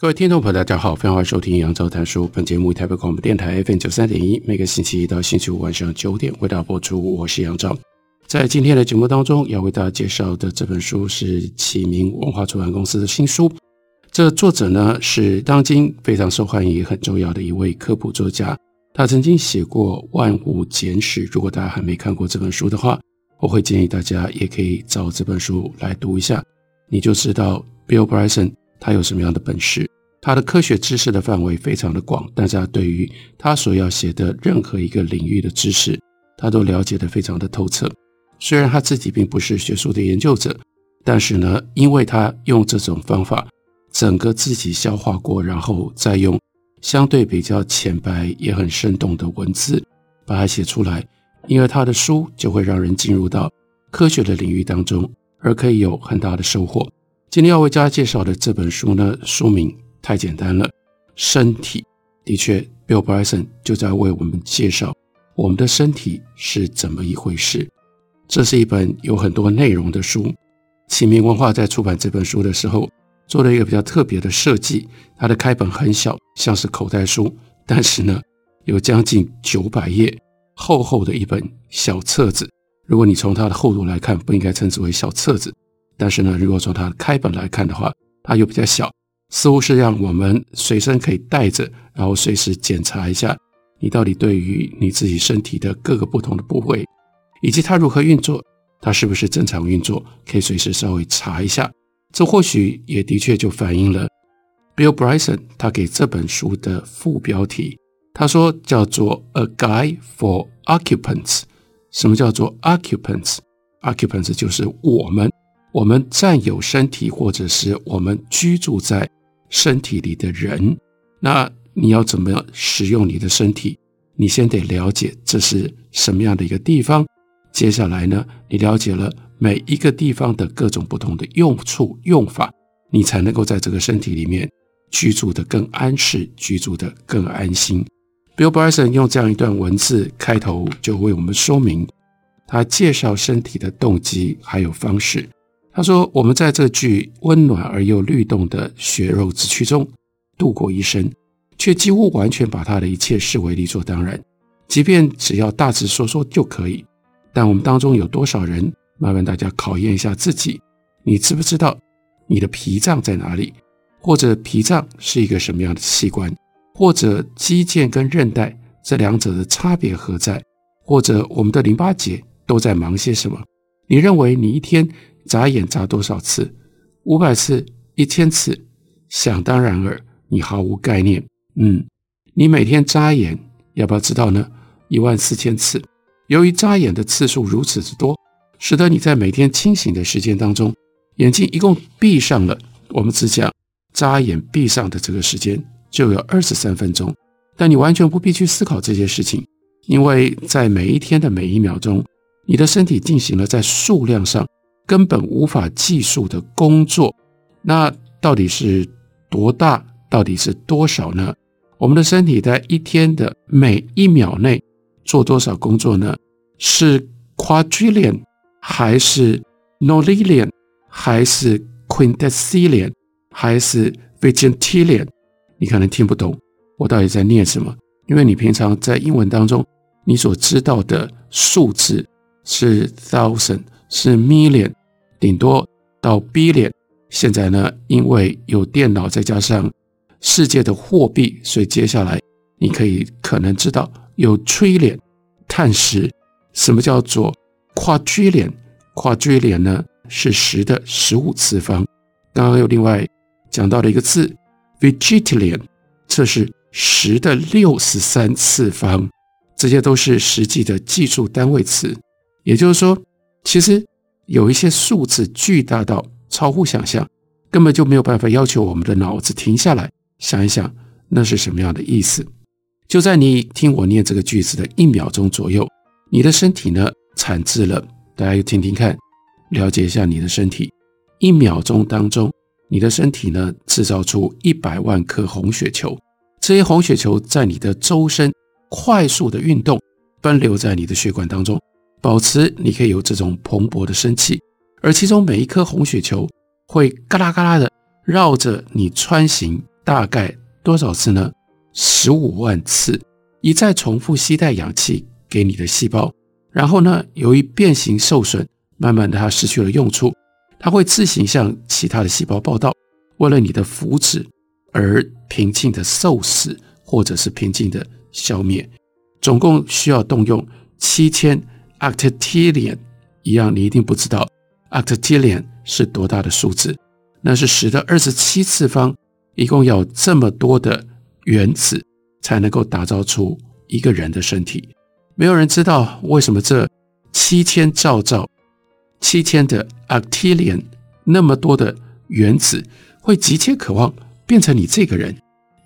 各位聽眾朋友，大家好，非常歡迎收聽《楊照談書》。本節目台北廣播電臺 FM 九三點一，每個星期一到星期五晚上九點為大家播出。我是楊照。在今天的節目當中，要為大家介紹的這本書是啟明文化出版公司的新書。這個、作者呢是當今非常受歡迎、很重要的一位科普作家。他曾經寫過《萬物簡史》，如果大家還沒看過這本書的話，我會建議大家也可以照這本書來讀一下，你就知道 Bill Bryson。他有什麼樣的本事？他的科學知識的範圍非常的廣，大家對於他所要寫的任何一個領域的知識，他都了解得非常的透徹。雖然他自己並不是學術的研究者，但是呢，因為他用這種方法，整個自己消化過，然後再用相對比較淺白也很生動的文字把它寫出來，因而他的書就會讓人進入到科學的領域當中，而可以有很大的收穫。今天要為大家介紹的這本書呢，書名太簡單了。身體。的確，Bill Bryson 就在為我們介紹我們的身體是怎麼一回事。這是一本有很多內容的書。啟明文化在出版這本書的時候，做了一個比較特別的設計，它的開本很小，像是口袋書，但是呢，有將近九百頁，厚厚的一本小冊子。如果你從它的厚度來看，不應該稱之為小冊子。但是呢，如果從它的開本來看的話，它又比較小，似乎是讓我們隨身可以帶着，然後隨時檢查一下你到底對於你自己身體的各個不同的部位，以及它如何運作，它是不是正常運作，可以隨時稍微查一下。這或許也的確就反映了 Bill Bryson 他給這本書的副標題，他說叫做 "A Guide for Occupants"。什麼叫做 "Occupants"？Occupants Occ 就是我們。我們占有身體，或者是我們居住在身體裡的人，那你要怎麼樣使用你的身體？你先得了解這是什麼樣的一個地方。接下來呢，你了解了每一個地方的各種不同的用處、用法，你才能夠在這個身體裡面居住得更安適，居住得更安心。Bill Bryson 用這樣一段文字開頭，就為我們說明，他介紹身體的動機還有方式。他說：“我們在這具溫暖而又律動的血肉之軀中度過一生，卻幾乎完全把他的一切視為理所當然，即便只要大致說說就可以。但我們當中有多少人？麻煩大家考驗一下自己：你知不知道你的脾臟在哪裡？或者脾臟是一個什麼樣的器官？或者肌腱跟韌帶這兩者的差別何在？或者我們的淋巴結都在忙些什麼？你認為你一天？”眨眼眨多少次？五百次、一千次，想當然耳，你毫無概念。嗯，你每天眨眼，要不要知道呢？一萬四千次。由於眨眼的次數如此之多，使得你在每天清醒的時間當中，眼睛一共閉上了。我們只講眨眼閉上的這個時間，就有二十三分鐘。但你完全不必去思考這些事情，因為在每一天的每一秒鐘，你的身體進行了在數量上。根本無法計數的工作，那到底是多大？到底是多少呢？我們的身體在一天的每一秒內做多少工作呢？是 quadrillion，還是 nonillion，還是 quintillion，還是 vigintillion？你可能聽不懂我到底在念什麼，因為你平常在英文當中你所知道的數字是 thousand，是 million。頂多到 Billion，現在呢，因為有電腦，再加上世界的貨幣，所以接下來你可以可能知道有 Trillion，碳十，什麼叫做 Quadrillion，Quadrillion 呢是十的十五次方。剛剛又另外講到了一個字，vigintillion，這是十的六十三次方。這些都是實際的計數單位詞。也就是說，其實。有一些數字巨大到超乎想象，根本就沒有辦法要求我們的腦子停下來想一想，那是什麼樣的意思？就在你聽我念這個句子的一秒鐘左右，你的身體呢產製了，大家聽聽看，了解一下你的身體。一秒鐘當中，你的身體呢製造出一百萬顆紅血球，這些紅血球在你的周身快速的運動，奔流在你的血管當中。保持，你可以有這種蓬勃的生氣，而其中每一顆紅血球會嘎啦嘎啦的繞着你穿行，大概多少次呢？十五萬次，一再重複攜帶氧氣給你的細胞。然後呢，由於變形受損，慢慢的它失去了用處，它會自行向其他的細胞報道，為了你的福祉而平靜的受死，或者是平靜的消滅。總共需要動用七千，octillion 一樣，你一定不知道，octillion 是多大的數字？那是十的二十七次方，一共有這麼多的原子才能夠打造出一個人的身體。沒有人知道為什麼這七千兆兆、七千的 octillion 那麼多的原子會急切渴望變成你這個人。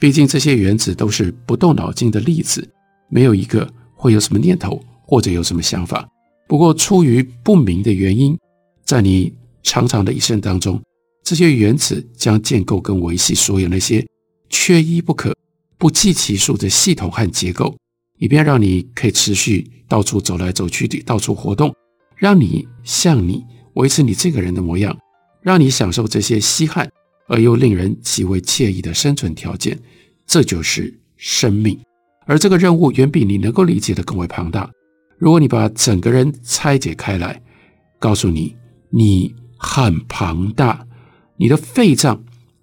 畢竟這些原子都是不動腦筋的粒子，沒有一個會有什麼念頭。或者有什麼想法？不過出於不明的原因，在你長長的一生當中，這些原子將建構跟維繫所有那些缺一不可、不計其數的系統和結構，以便讓你可以持續到處走來走去的到處活動，讓你像你維持你這個人的模樣，讓你享受這些稀罕而又令人極為愜意的生存條件。這就是生命，而這個任務遠比你能夠理解的更為龐大。如果你把整個人拆解開來，告訴你你很龐大，你的肺臟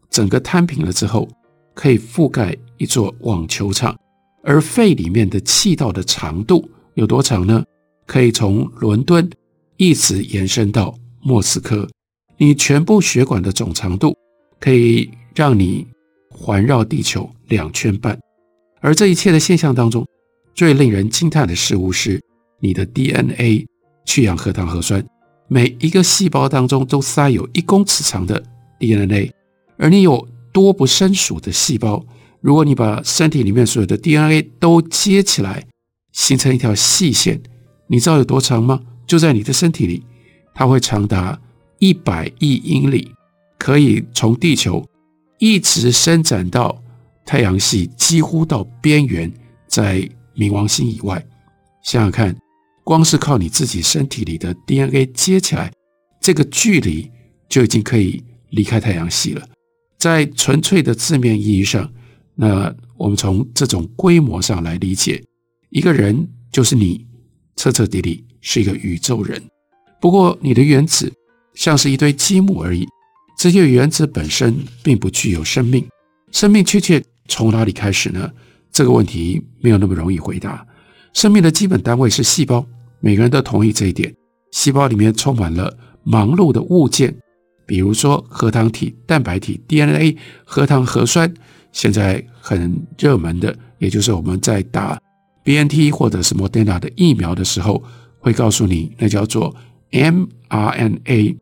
整個攤平了之後，可以覆蓋一座網球場，而肺裡面的氣道的長度有多長呢？可以從倫敦一直延伸到莫斯科。你全部血管的總長度可以讓你環繞地球兩圈半。而這一切的現象當中，最令人驚嘆的事物是，你的 DNA，去氧核糖核酸，每一個細胞當中都塞有一公尺長的 DNA，而你有多不勝數的細胞。如果你把身體裡面所有的 DNA 都接起來，形成一條細線，你知道有多長嗎？就在你的身體裡，它會長達一百億英里，可以從地球一直伸展到太陽系幾乎到邊緣，在冥王星以外。想想看。光是靠你自己身體裡的 DNA 接起來，這個距離就已經可以離開太陽系了。在純粹的字面意義上，那我們從這種規模上來理解，一個人就是你，徹徹底底是一個宇宙人。不過你的原子像是一堆積木而已，這些原子本身並不具有生命。生命確切從哪裡開始呢？這個問題沒有那麼容易回答。生命的基本單位是細胞。每個人都同意這一點。細胞裡面充滿了忙碌的物件，比如說核糖體、蛋白體、DNA、核糖核酸。現在很熱門的，也就是我們在打 BNT 或者是 Moderna 的疫苗的時候，會告訴你那叫做 mRNA。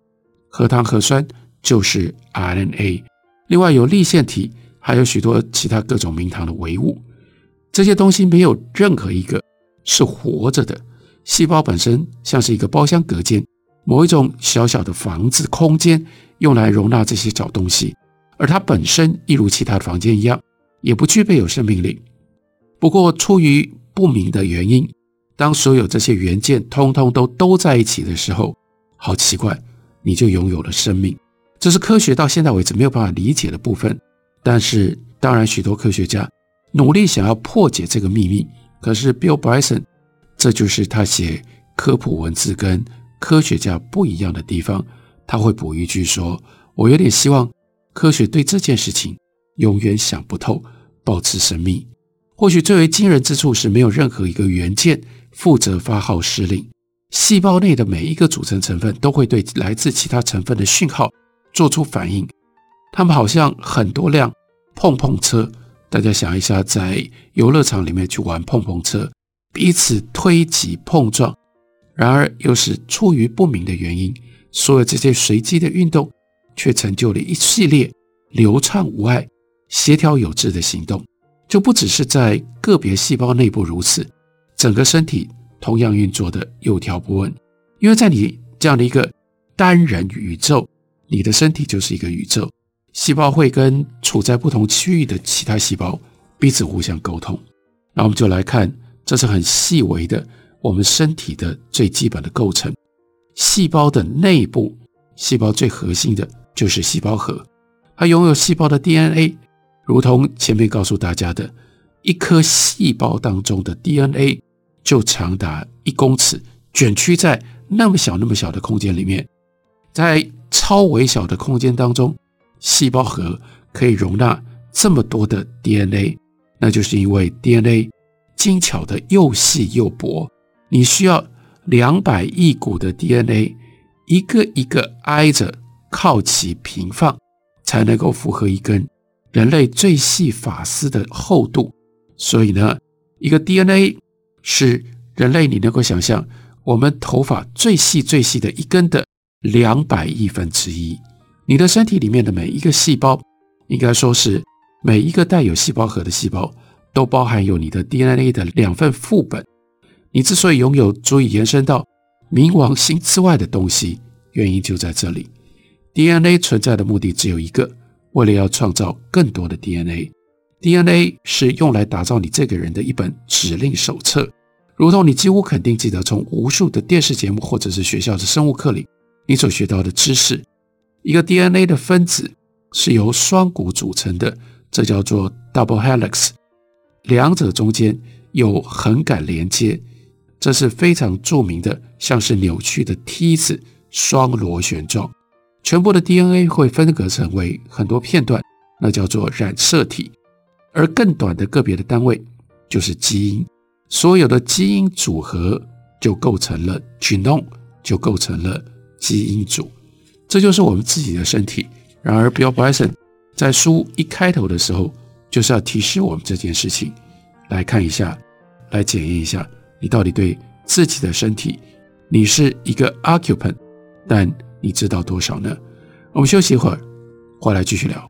核糖核酸就是 RNA。另外有粒線體，還有許多其他各種名堂的微物。這些東西沒有任何一個是活着的。細胞本身像是一個包廂隔間，某一種小小的房子空間，用來容納這些小東西。而它本身一如其他的房間一樣，也不具備有生命力。不過出於不明的原因，當所有這些元件，通通都兜在一起的時候，好奇怪，你就擁有了生命。這是科學到現在為止沒有辦法理解的部分。但是當然，許多科學家努力想要破解這個祕密。可是 Bill Bryson。這就是他寫科普文字跟科學家不一樣的地方，他會補一句說：“我有點希望科學對這件事情永遠想不透，保持神秘。”或許最為驚人之處是，沒有任何一個元件負責發號施令，細胞內的每一個組成成分都會對來自其他成分的訊號做出反應。他們好像很多輛碰碰車，大家想一下，在遊樂場裡面去玩碰碰車。彼此推擠碰撞，然而又是出於不明的原因，所有這些隨機的運動，卻成就了一系列流暢無礙、協調有致的行動。就不只是在個別細胞內部如此，整個身體同樣運作得有條不紊。因為在你這樣的一個單人宇宙，你的身體就是一個宇宙，細胞會跟處在不同區域的其他細胞彼此互相溝通。那我們就來看。這是很細微的，我們身體的最基本的構成。細胞的內部，細胞最核心的就是細胞核，它擁有細胞的 DNA。如同前面告訴大家的，一顆細胞當中的 DNA 就長達一公尺，捲曲在那麼小那麼小的空間裡面，在超微小的空間當中，細胞核可以容納這麼多的 DNA，那就是因為 DNA。精巧的又細又薄，你需要兩百億股的 DNA，一個一個挨着靠齊平放，才能夠符合一根人類最細髮絲的厚度。所以呢，一個 DNA 是人類，你能夠想象我們頭髮最細最細的一根的兩百億分之一。你的身體裡面的每一個細胞，應該說是每一個帶有細胞核的細胞。都包含有你的 DNA 的兩份副本。你之所以擁有足以延伸到冥王星之外的東西，原因就在這裡。DNA 存在的目的只有一個，為了要創造更多的 DNA。DNA 是用來打造你這個人的一本指令手冊，如同你幾乎肯定記得從無數的電視節目或者是學校的生物課裡你所學到的知識。一個 DNA 的分子是由雙股組成的，這叫做 double helix。兩者中間有橫桿連接，這是非常著名的，像是扭曲的梯子雙螺旋狀。全部的 DNA 會分割成為很多片段，那叫做染色體。而更短的個別的單位就是基因。所有的基因組合就構成了 genome，就構成了基因組。這就是我們自己的身體。然而，Bill Bryson 在書一開頭的時候，就是要提示我們這件事情，來看一下，來檢驗一下你到底對自己的身體，你是一個 occupant，但你知道多少呢？我們休息一會兒，回來繼續聊。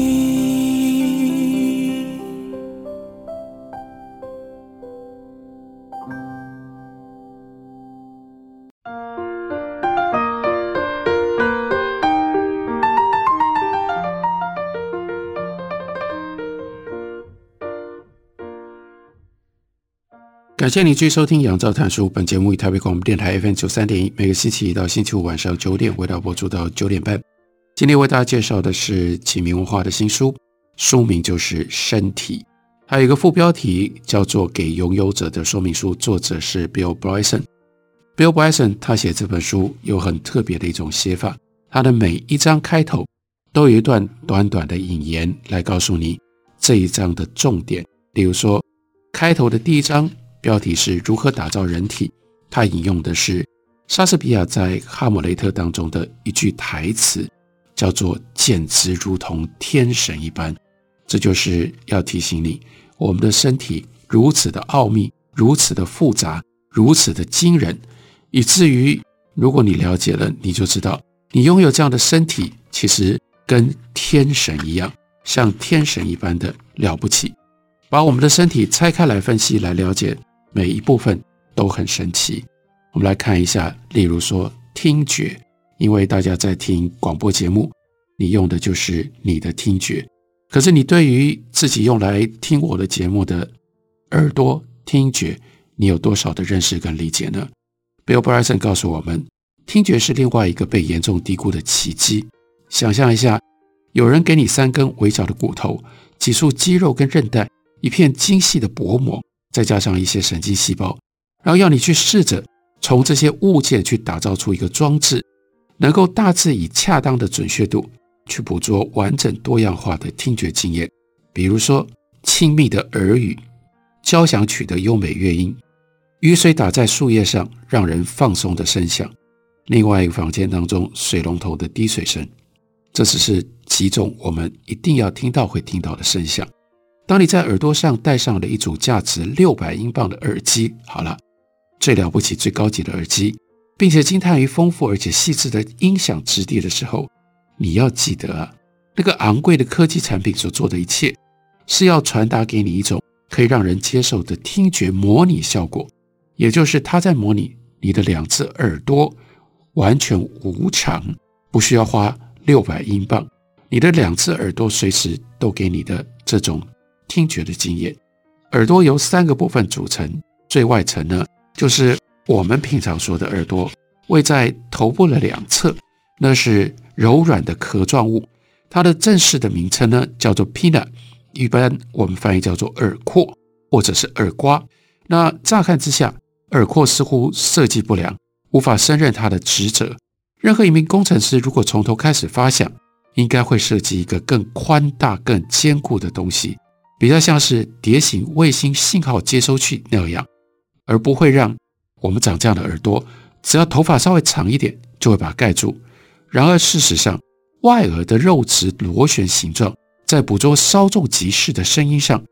感謝你繼續收聽《楊照談書》。本節目以台北廣播電台 FM 九三點一，每個星期一到星期五晚上九點，為大家播出到九點半。今天為大家介紹的是啟明文化的新書，書名就是《身體》，還有一個副標題叫做《給擁有者的說明書》。作者是 Bill Bryson。Bill Bryson 他寫這本書有很特別的一種寫法，他的每一章開頭都有一段短短的引言來告訴你這一章的重點。例如說，開頭的第一章。標題是如何打造人體？它引用的是莎士比亞在《哈姆雷特》當中的一句台詞，叫做“簡直如同天神一般”。這就是要提醒你，我們的身體如此的奧秘，如此的複雜，如此的驚人，以至於如果你了解了，你就知道，你擁有這樣的身體，其實跟天神一樣，像天神一般的了不起。把我們的身體拆開來分析，來了解。每一部分都很神奇，我們來看一下。例如說聽覺，因為大家在聽廣播節目，你用的就是你的聽覺。可是你對於自己用來聽我的節目的耳朵聽覺，你有多少的認識跟理解呢？Bill Bryson 告訴我們，聽覺是另外一個被嚴重低估的奇蹟。想象一下，有人給你三根微小的骨頭、幾束肌肉跟韌帶、一片精細的薄膜。再加上一些神經細胞，然後要你去試着從這些物件去打造出一個裝置，能夠大致以恰當的準確度去捕捉完整多樣化的聽覺經驗，比如說親密的耳語、交響曲的優美樂音、雨水打在樹葉上讓人放鬆的聲響，另外一個房間當中水龍頭的滴水聲，這只是幾種我們一定要聽到會聽到的聲響。當你在耳朵上戴上了一組價值六百英鎊的耳機，好了，最了不起、最高級的耳機，並且驚嘆於豐富而且細緻的音響質地的時候，你要記得啊，那個昂貴的科技產品所做的一切，是要傳達給你一種可以讓人接受的聽覺模擬效果，也就是它在模擬你的兩隻耳朵，完全無償，不需要花六百英鎊，你的兩隻耳朵隨時都給你的這種。聽覺的經驗，耳朵由三個部分組成。最外層呢，就是我們平常說的耳朵，位在頭部的兩側，那是柔軟的殼狀物。它的正式的名稱呢，叫做 pinna，一般我們翻譯叫做耳廓或者是耳瓜。那乍看之下，耳廓似乎設計不良，無法勝任它的職責。任何一名工程師如果從頭開始發想，應該會設計一個更寬大、更堅固的東西。比較像是碟形衛星信號接收器那樣，而不會讓我們長這樣的耳朵。只要頭髮稍微長一點，就會把它蓋住。然而，事實上，外耳的肉質螺旋形狀在捕捉稍縱即逝的聲音上，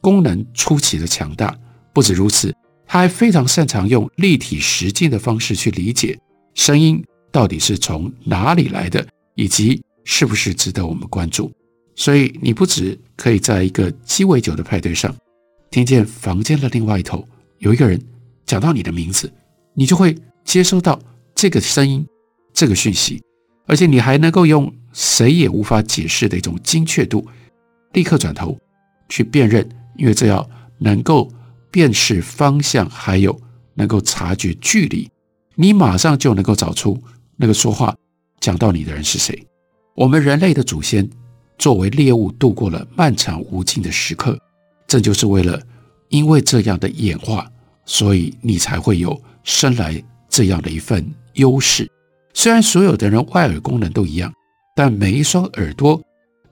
功能出奇的強大。不止如此，它還非常擅長用立體實境的方式去理解聲音到底是從哪裡來的，以及是不是值得我們關注。所以，你不只可以在一個雞尾酒的派對上，聽見房間的另外一頭有一個人講到你的名字，你就會接收到這個聲音、這個訊息，而且你還能夠用誰也無法解釋的一種精確度，立刻轉頭去辨認，因為這要能夠辨識方向，還有能夠察覺距離，你馬上就能夠找出那個說話講到你的人是誰。我們人類的祖先，作為獵物度過了漫長無盡的時刻，這就是為了，因為這樣的演化，所以你才會有生來這樣的一份優勢。雖然所有的人外耳功能都一樣，但每一雙耳朵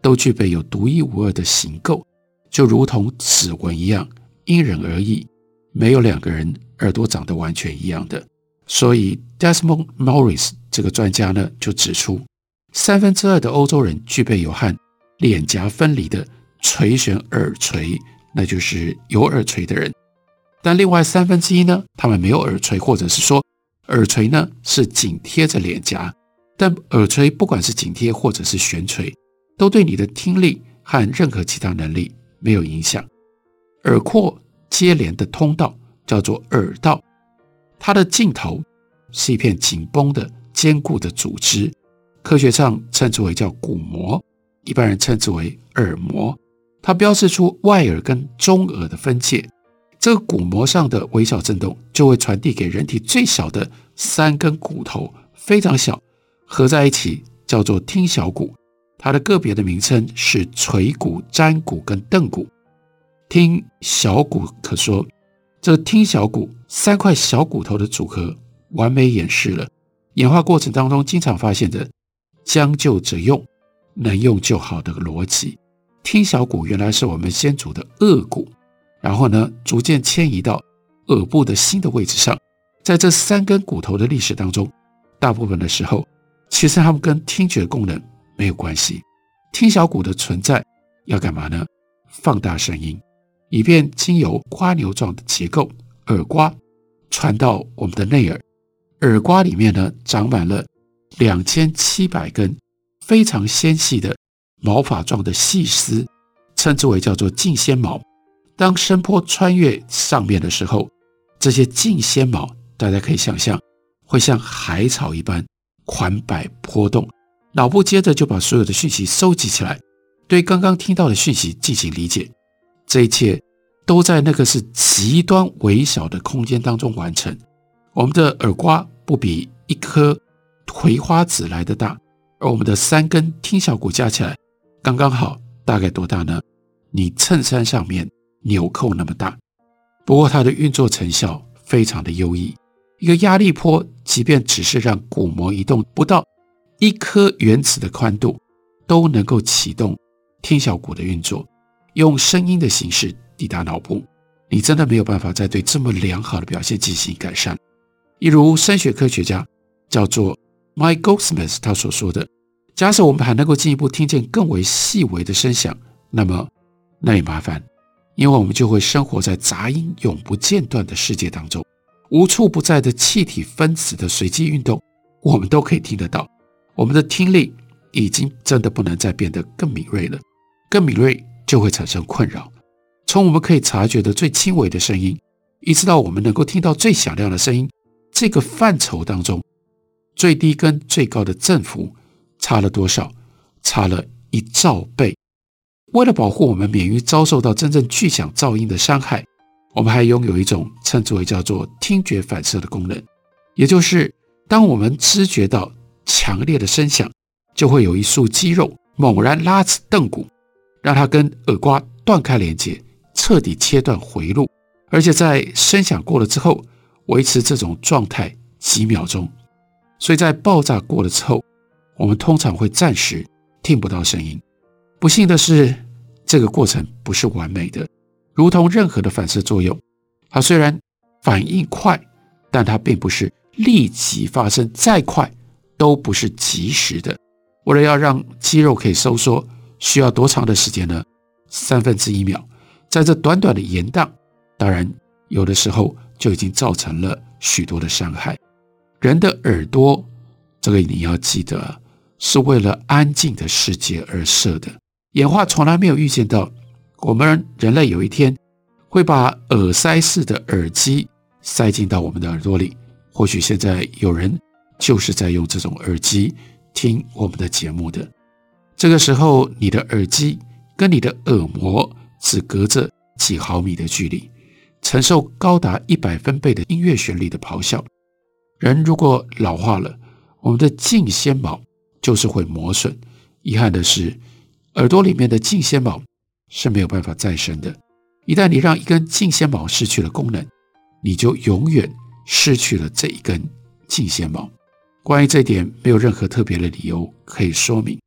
都具備有獨一無二的形構，就如同指紋一樣，因人而異，沒有兩個人耳朵長得完全一樣的。所以，Desmond Morris 這個專家呢就指出，三分之二的歐洲人具備有汗臉頰分離的垂懸耳垂，那就是有耳垂的人。但另外三分之一呢？他們沒有耳垂，或者是說耳垂呢是緊貼着臉頰。但耳垂不管是緊貼或者是懸垂，都對你的聽力和任何其他能力沒有影響。耳廓接連的通道叫做耳道，它的盡頭是一片緊繃的堅固的組織，科學上稱之為叫鼓膜。一般人稱之為耳膜，它標示出外耳跟中耳的分界。這個鼓膜上的微小震動就會傳遞給人體最小的三根骨頭，非常小，合在一起叫做聽小骨。它的個別的名稱是錘骨、砧骨跟鐙骨。聽小骨可說，這聽小骨三塊小骨頭的組合，完美演示了演化過程當中經常發現的將就着用。能用就好的邏輯，聽小骨原來是我們先祖的顎骨，然後呢，逐漸遷移到耳部的新的位置上。在這三根骨頭的歷史當中，大部分的時候其實它們跟聽覺功能沒有關係。聽小骨的存在要幹嘛呢？放大聲音，以便經由蝸牛狀的結構耳蝸傳到我們的內耳。耳蝸裡面呢，長滿了兩千七百根。非常纖細的毛髮狀的細絲，稱之為叫做靜纖毛。當聲波穿越上面的時候，這些靜纖毛，大家可以想象，會像海草一般款擺波動。腦部接着就把所有的訊息收集起來，對剛剛聽到的訊息進行理解。這一切都在那個是極端微小的空間當中完成。我們的耳蝸不比一顆葵花籽來得大。而我們的三根聽小骨加起來，剛剛好，大概多大呢？你襯衫上面紐扣那麼大。不過它的運作成效非常的優異，一個壓力波，即便只是讓鼓膜移動不到一顆原子的寬度，都能夠啟動聽小骨的運作，用聲音的形式抵達腦部。你真的沒有辦法再對這麼良好的表現進行改善。例如聲學科學家叫做。Mike Goldsmith 他所說的，假設我們還能夠進一步聽見更為細微的聲響，那麼那也麻煩，因為我們就會生活在雜音永不間斷的世界當中，無處不在的氣體分子的隨機運動，我們都可以聽得到。我們的聽力已經真的不能再變得更敏銳了，更敏銳就會產生困擾。從我們可以察覺的最輕微的聲音，一直到我們能夠聽到最響亮的聲音，這個範疇當中，最低跟最高的振幅差了多少？差了一兆倍。為了保護我們免於遭受到真正巨響噪音的傷害，我們還擁有一種稱之為叫做聽覺反射的功能，也就是當我們知覺到強烈的聲響，就會有一束肌肉猛然拉扯鐙骨，讓它跟耳蝸斷開連接，徹底切斷迴路，而且在聲響過了之後，維持這種狀態幾秒鐘。所以在爆炸過了之後，我們通常會暫時聽不到聲音。不幸的是，這個過程不是完美的。如同任何的反射作用，它雖然反應快，但它並不是立即發生。再快，都不是及時的。為了要讓肌肉可以收縮，需要多長的時間呢？三分之一秒。在這短短的延宕，當然有的時候就已經造成了許多的傷害。人的耳朵，這個你要記得啊，是為了安靜的世界而設的。演化從來沒有預見到，我們人類有一天會把耳塞式的耳機塞進到我們的耳朵裡。或許現在有人就是在用這種耳機聽我們的節目的。這個時候，你的耳機跟你的耳膜只隔着幾毫米的距離，承受高達一百分貝的音樂旋律的咆哮。人如果老化了，我們的靜纖毛就是會磨損。遺憾的是，耳朵裡面的靜纖毛是沒有辦法再生的。一旦你讓一根靜纖毛失去了功能，你就永遠失去了這一根靜纖毛。關於這點，沒有任何特別的理由可以說明。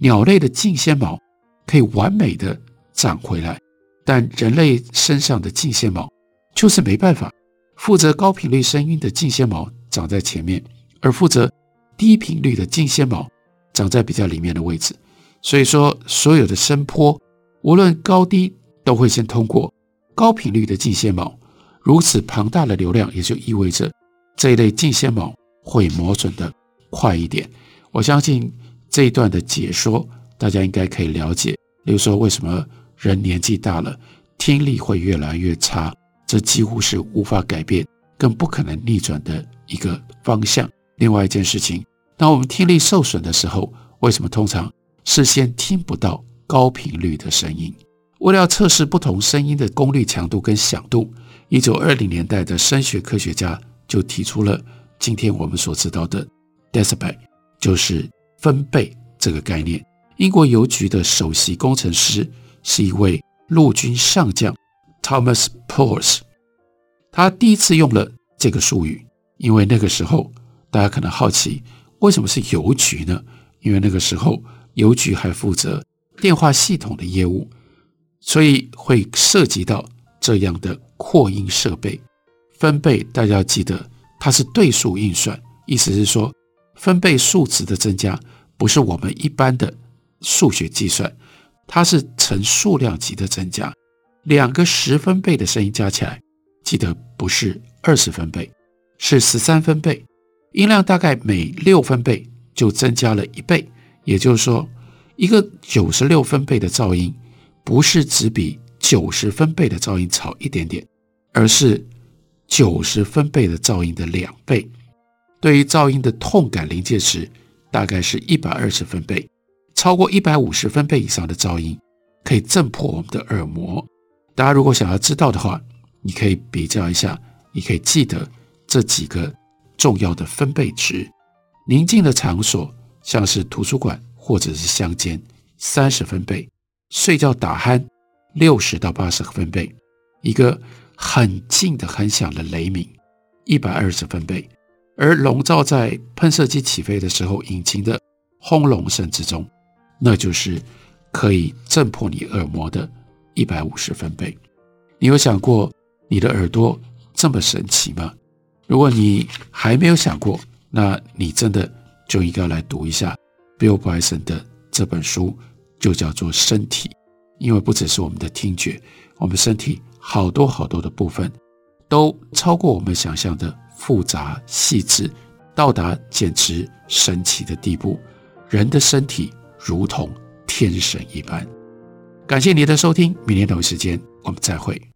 鳥類的靜纖毛可以完美的長回來，但人類身上的靜纖毛就是沒辦法。負責高頻率聲音的靜纖毛長在前面，而負責低頻率的靜纖毛長在比較裡面的位置。所以說，所有的聲波無論高低都會先通過高頻率的靜纖毛。如此龐大的流量，也就意味着這一類靜纖毛會磨損得快一點。我相信這一段的解說，大家應該可以了解。比如說，為什麼人年紀大了聽力會越來越差？這幾乎是無法改變，更不可能逆轉的一個方向。另外一件事情，當我們聽力受損的時候，為什麼通常事先聽不到高頻率的聲音？為了測試不同聲音的功率強度跟響度，一九二零年代的聲學科學家就提出了今天我們所知道的 d e c i b e 就是分貝這個概念。英國郵局的首席工程師是一位陸軍上將。Thomas Puls，他第一次用了這個術語。因為那個時候，大家可能好奇為什麼是郵局呢？因為那個時候郵局還負責電話系統的業務，所以會涉及到這樣的擴音設備。分貝大家要記得，它是對數運算，意思是說分貝數值的增加不是我們一般的數學計算，它是呈數量級的增加。兩個十分貝的聲音加起來，記得不是二十分貝，是十三分貝。音量大概每六分貝就增加了一倍，也就是說，一個九十六分貝的噪音，不是只比九十分貝的噪音吵一點點，而是九十分貝的噪音的兩倍。對於噪音的痛感臨界值，大概是一百二十分貝，超過一百五十分貝以上的噪音，可以震破我們的耳膜。大家如果想要知道的話，你可以比較一下，你可以記得這幾個重要的分貝值。寧靜的場所，像是圖書館或者是鄉間，三十分貝；睡覺打鼾，六十到八十分貝；一個很近的很響的雷鳴，一百二十分貝；而籠罩在噴射機起飛的時候引擎的轟隆聲之中，那就是可以震破你耳膜的。一百五十分貝，你有想過你的耳朵這麼神奇嗎？如果你還沒有想過，那你真的就應該來讀一下 Bill Bryson 的這本書，就叫做《身體》，因為不只是我們的聽覺，我們身體好多好多的部分都超過我們想象的複雜細緻，到達簡直神奇的地步。人的身體如同天神一般。感謝您的收聽，明天同一時間我們再會。